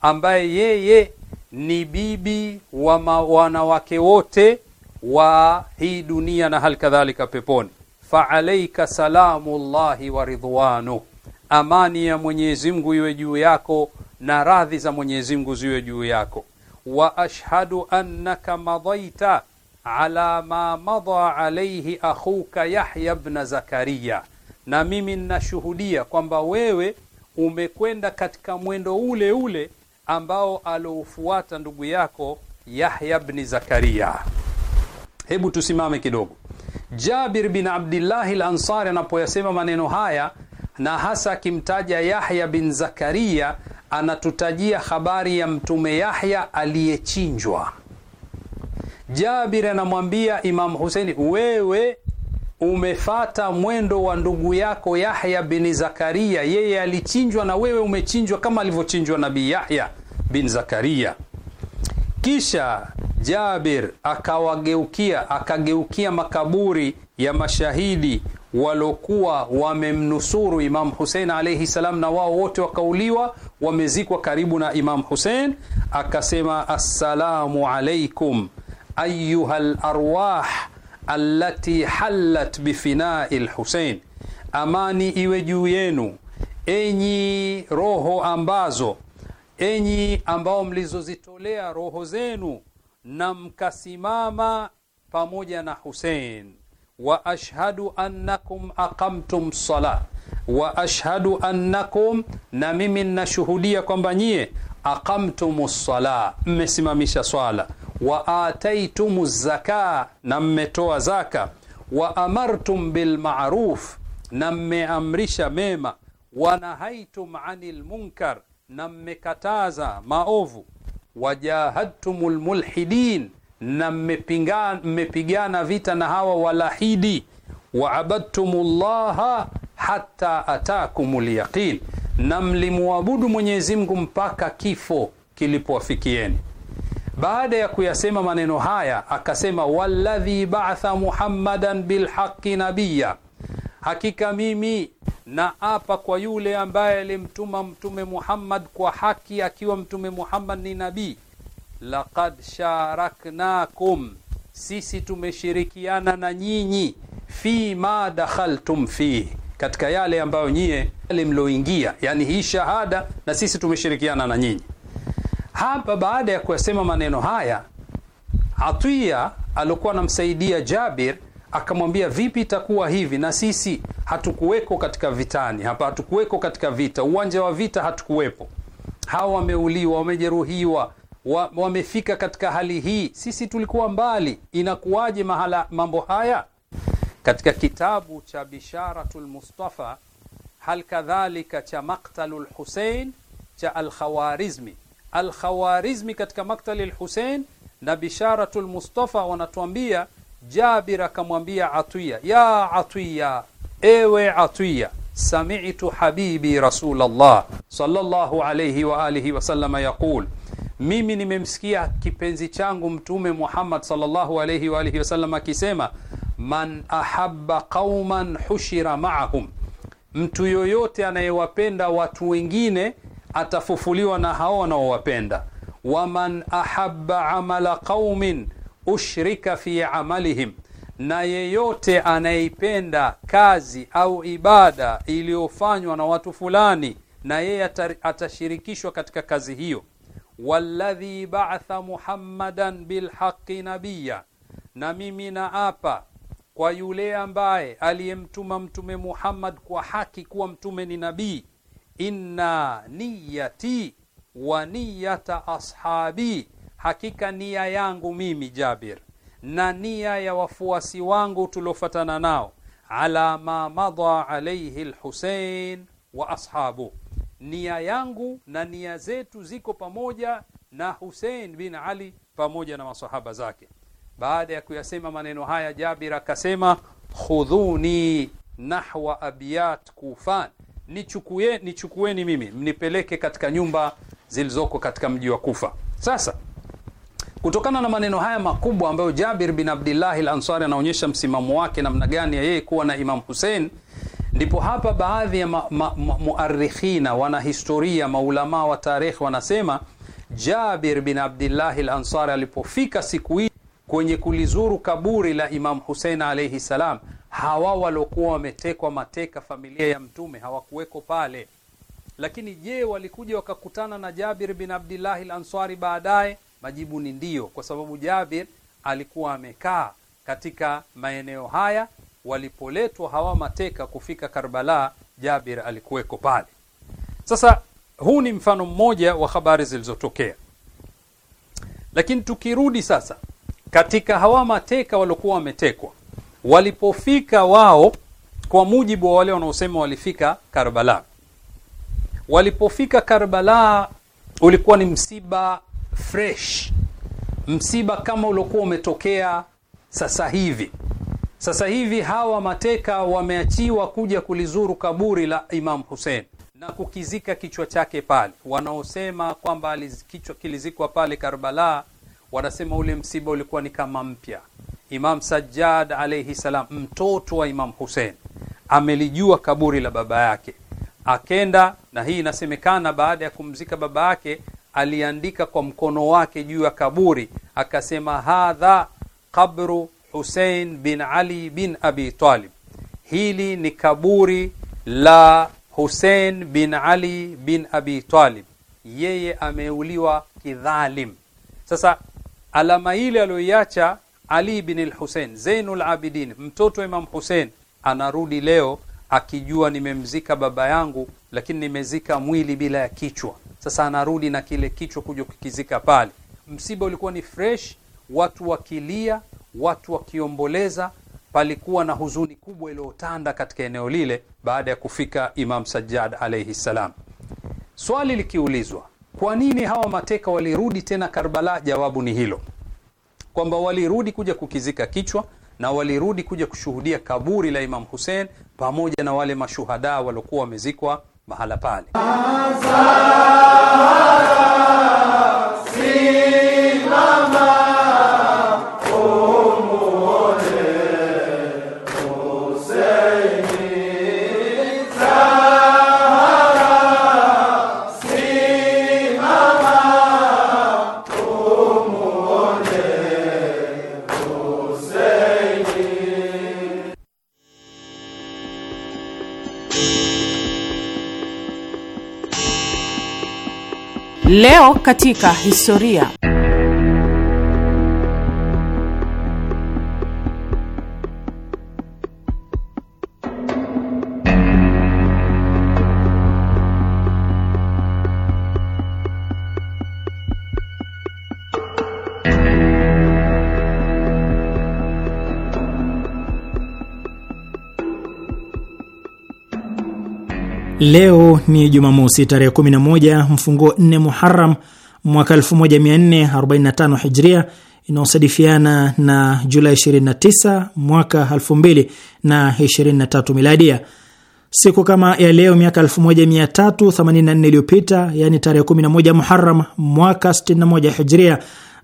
ambaye yeye ni bibi wa wanawake wote wa hii dunia na hali kadhalika peponi fa salamu llahi wa ridwanu, amani ya Mwenyezi Mungu iwe juu yako na radhi za Mwenyezi Mungu ziwe juu yako. wa ashhadu annaka madaita ala ma madha alayhi akhuka Yahya bna Zakariya, na mimi ninashuhudia kwamba wewe umekwenda katika mwendo ule ule ambao aloufuata ndugu yako Yahya bni Zakariya. Hebu tusimame kidogo. Jabir bin Abdillahi al-Ansari anapoyasema maneno haya na hasa akimtaja Yahya bin Zakaria anatutajia habari ya mtume Yahya aliyechinjwa. Jabir anamwambia Imam Huseini, wewe umefata mwendo wa ndugu yako Yahya bin Zakaria, yeye alichinjwa na wewe umechinjwa kama alivyochinjwa Nabii Yahya bin Zakaria. Kisha Jabir akawageukia, akageukia makaburi ya mashahidi waliokuwa wamemnusuru Imam Hussein alayhi salam, na wao wote wakauliwa, wamezikwa karibu na Imam Hussein. Akasema, assalamu alaikum ayuha larwah allati hallat bifinai lhusein, amani iwe juu yenu enyi roho ambazo enyi ambao mlizozitolea roho zenu na mkasimama pamoja na Hussein wa ashhadu annakum aqamtum salah wa ashhadu annakum, na mimi nnashuhudia kwamba nyie aqamtum salah, mmesimamisha swala wa ataitum zaka, na mmetoa zaka wa amartum bilmaruf, na mmeamrisha mema wa nahaitum anil munkar, na mmekataza maovu wajahadtum lmulhidin na mmepigana vita na hawa walahidi. llaha hata atakum lyaqin na mlimuabudu Mwenyezi Mungu mpaka kifo kilipowafikieni. Baada ya kuyasema maneno haya, akasema walladhi ba'atha Muhammadan bilhaqi nabiya Hakika mimi na apa kwa yule ambaye alimtuma Mtume Muhammad kwa haki, akiwa Mtume Muhammad ni nabii. Laqad sharaknakum, sisi tumeshirikiana na nyinyi, fi ma dakhaltum fihi, katika yale ambayo nyie mlioingia Yani hii shahada, na sisi tumeshirikiana na nyinyi. Hapa baada ya kuyasema maneno haya, Atiya aliokuwa anamsaidia Jabir akamwambia vipi itakuwa hivi na sisi hatukuweko katika vitani hapa, hatukuweko katika vita, uwanja wa vita hatukuwepo. Hawa wameuliwa, wamejeruhiwa, wa, wamefika katika hali hii, sisi tulikuwa mbali, inakuwaje mahala mambo haya? Katika kitabu cha bisharatu lmustafa hal kadhalika cha maktalu lhusein cha Alkhawarizmi. Alkhawarizmi katika maktali lhusein na bisharatu lmustafa wanatuambia Jabir akamwambia Atiya, ya Atiya, ewe Atiya, sami'tu habibi Rasulullah sallallahu alayhi wa alihi wasallam yaqul, mimi nimemsikia kipenzi changu Mtume Muhammad sallallahu alayhi wa alihi wasallam akisema, man ahabba qauman hushira ma'ahum, mtu yoyote anayewapenda watu wengine atafufuliwa na hao wanaowapenda. Waman ahabba amala qaumin ushrika fi amalihim, na yeyote anayeipenda kazi au ibada iliyofanywa na watu fulani, na yeye atashirikishwa katika kazi hiyo. Walladhi ba'atha Muhammadan bilhaqi nabiyya, na mimi naapa kwa yule ambaye aliyemtuma Mtume Muhammad kwa haki kuwa mtume ni nabii. Inna niyati wa niyata ashabi Hakika nia yangu mimi Jabir na nia ya wafuasi wangu tuliofatana nao, ala ma madha alayhi lhusein wa ashabu, nia yangu na nia zetu ziko pamoja na Husein bin Ali pamoja na masahaba zake. Baada ya kuyasema maneno haya, Jabir akasema khudhuni nahwa abiyat Kufan, nichukue nichukueni mimi mnipeleke katika nyumba zilizoko katika mji wa Kufa. Sasa Kutokana na maneno haya makubwa ambayo Jabir bin Abdillahi al-Ansari anaonyesha msimamo wake namna gani ya yeye kuwa na Imam Husein, ndipo hapa baadhi ya muarikhina, wanahistoria, maulamaa wa tarikhi wanasema Jabir bin Abdillahi lansari ansari alipofika siku hii kwenye kulizuru kaburi la Imam Husein alaihi ssalam hawa waliokuwa wametekwa mateka familia ya Mtume hawakuweko pale. Lakini je, walikuja wakakutana na Jabir bin Abdillahi Lansari baadaye? Majibu ni ndiyo, kwa sababu Jabir alikuwa amekaa katika maeneo haya walipoletwa hawa mateka kufika Karbala, Jabir alikuweko pale. Sasa huu ni mfano mmoja wa habari zilizotokea, lakini tukirudi sasa katika hawa mateka waliokuwa wametekwa, walipofika wao, kwa mujibu wa wale wanaosema walifika Karbala, walipofika Karbala ulikuwa ni msiba fresh, msiba kama uliokuwa umetokea sasa hivi. Sasa hivi hawa mateka wameachiwa kuja kulizuru kaburi la Imam Hussein na kukizika kichwa chake pale. Wanaosema kwamba kichwa kilizikwa pale Karbala wanasema ule msiba ulikuwa ni kama mpya. Imam Sajjad alayhi salam, mtoto wa Imam Hussein, amelijua kaburi la baba yake, akenda na hii inasemekana, baada ya kumzika baba yake aliandika kwa mkono wake juu ya kaburi akasema, hadha qabru Husein bin Ali bin Abi Talib, hili ni kaburi la Husein bin Ali bin Abi Talib, yeye ameuliwa kidhalim. Sasa alama ile aliyoiacha Ali bin al-Husein Zainul Abidin, mtoto wa Imam Husein, anarudi leo akijua nimemzika baba yangu, lakini nimezika mwili bila ya kichwa. Sasa anarudi na kile kichwa kuja kukizika pale. Msiba ulikuwa ni fresh, watu wakilia, watu wakiomboleza. Palikuwa na huzuni kubwa iliyotanda katika eneo lile baada ya kufika Imam Sajjad alaihi ssalam. Swali likiulizwa, kwa nini hawa mateka walirudi tena Karbala? Jawabu ni hilo kwamba walirudi kuja kukizika kichwa na walirudi kuja kushuhudia kaburi la Imam Hussein pamoja na wale mashuhada waliokuwa wamezikwa mahala pale. Leo katika historia. Leo ni Jumamosi tarehe 11 mfungo 4 Muharram mwaka 1445 Hijria inayosadifiana na Julai 29 mwaka 2023 Miladia. Siku kama ya leo miaka 1384 iliyopita, yani tarehe 11 Muharram mwaka 61 Hijria,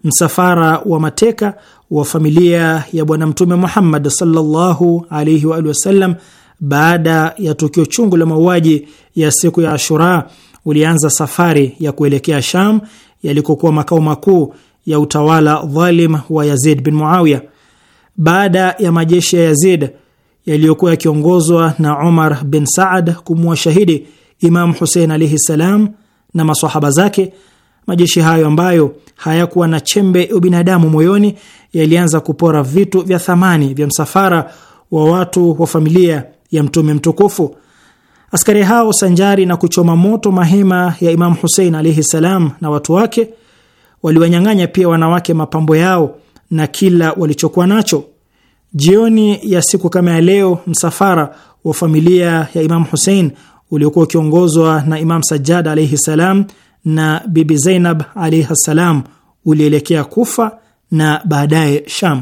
msafara wa mateka wa familia ya Bwana Mtume Muhammad sallallahu alaihi wa alihi wasallam baada ya tukio chungu la mauaji ya siku ya Ashura ulianza safari ya kuelekea Sham yalikokuwa makao makuu ya utawala dhalim wa Yazid bin Muawiya. Baada ya majeshi ya Yazid yaliyokuwa yakiongozwa na Umar bin Saad kumua shahidi Imam Husein alaihi salam na masahaba zake, majeshi hayo ambayo hayakuwa na chembe ya ubinadamu moyoni yalianza kupora vitu vya thamani vya msafara wa watu wa familia ya mtume mtukufu. Askari hao sanjari na kuchoma moto mahema ya Imamu Husein alaihi salam na watu wake, waliwanyang'anya pia wanawake mapambo yao na kila walichokuwa nacho. Jioni ya siku kama ya leo, msafara wa familia ya Imamu Husein uliokuwa ukiongozwa na Imam Sajjad alaihi salam na Bibi Zainab alaihi salam ulielekea Kufa na baadaye Sham.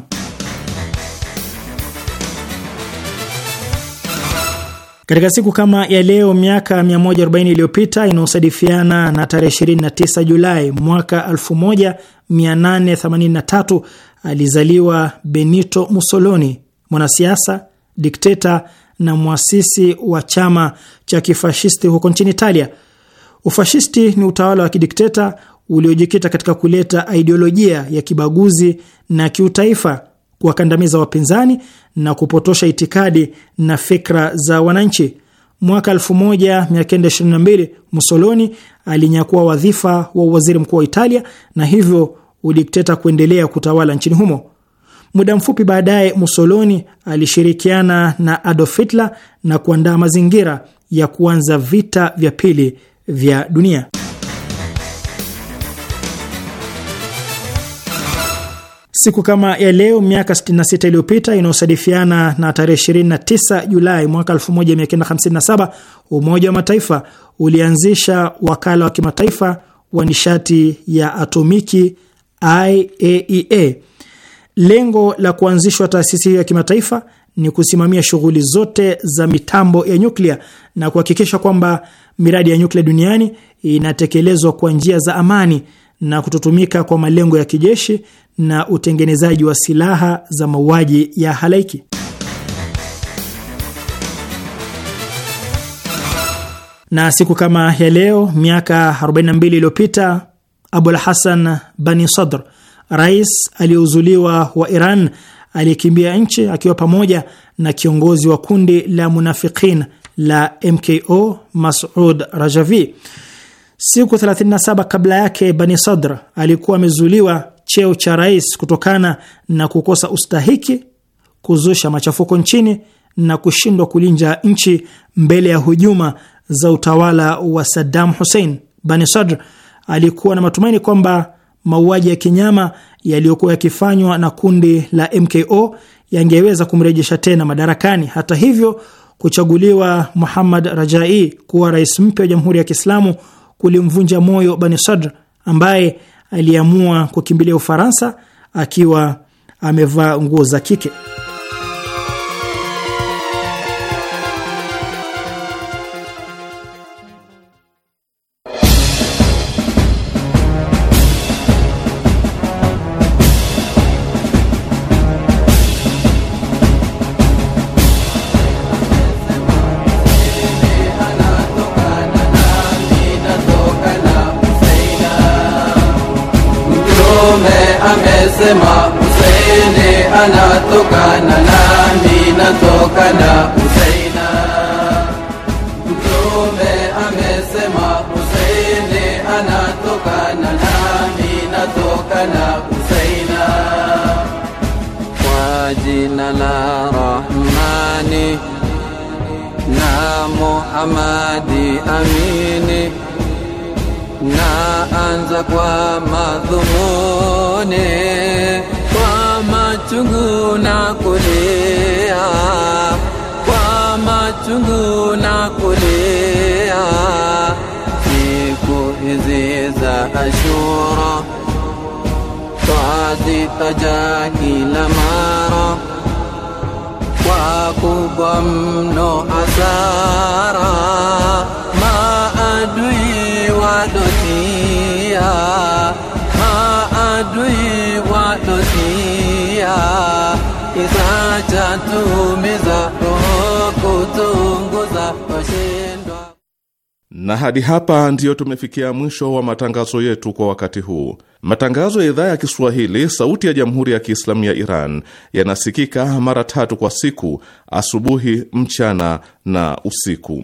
Katika siku kama ya leo miaka 140 iliyopita inayosadifiana na tarehe 29 Julai mwaka 1883 alizaliwa Benito Mussolini, mwanasiasa, dikteta na mwasisi wa chama cha kifashisti huko nchini Italia. Ufashisti ni utawala wa kidikteta uliojikita katika kuleta idiolojia ya kibaguzi na kiutaifa kuwakandamiza wapinzani na kupotosha itikadi na fikra za wananchi. Mwaka 1922 Mussolini alinyakua wadhifa wa waziri mkuu wa Italia na hivyo udikteta kuendelea kutawala nchini humo. Muda mfupi baadaye, Mussolini alishirikiana na Adolf Hitler na kuandaa mazingira ya kuanza vita vya pili vya dunia. Siku kama ya leo miaka 66 iliyopita inayosadifiana na tarehe 29 Julai mwaka 1957, Umoja wa Mataifa ulianzisha wakala wa kimataifa wa nishati ya atomiki IAEA. E Lengo la kuanzishwa taasisi hiyo ya kimataifa ni kusimamia shughuli zote za mitambo ya nyuklia na kuhakikisha kwamba miradi ya nyuklia duniani inatekelezwa kwa njia za amani na kutotumika kwa malengo ya kijeshi na utengenezaji wa silaha za mauaji ya halaiki. Na siku kama ya leo miaka 42 iliyopita Abul Hasan Bani Sadr, rais aliyeuzuliwa wa Iran aliyekimbia nchi akiwa pamoja na kiongozi wa kundi la munafiqin la MKO Masud Rajavi. Siku 37 kabla yake, Bani Sadr alikuwa amezuliwa cheo cha rais kutokana na kukosa ustahiki, kuzusha machafuko nchini na kushindwa kulinda nchi mbele ya hujuma za utawala wa Saddam Hussein. Bani Sadr alikuwa na matumaini kwamba mauaji ya kinyama yaliyokuwa yakifanywa na kundi la MKO yangeweza kumrejesha tena madarakani. Hata hivyo, kuchaguliwa Muhammad Rajai kuwa rais mpya wa Jamhuri ya Kiislamu kulimvunja moyo Bani Sadr ambaye aliamua kukimbilia Ufaransa akiwa amevaa nguo za kike. عيون عقلية فيكو إزيزة أشورة تعزي أجاكي لمارة واكو ضمن أسارة ما أدري ودتيا ما أدري ودتيا Na hadi hapa ndiyo tumefikia mwisho wa matangazo yetu kwa wakati huu. Matangazo ya idhaa ya Kiswahili sauti ya Jamhuri ya Kiislamu ya Iran yanasikika mara tatu kwa siku: asubuhi, mchana na usiku.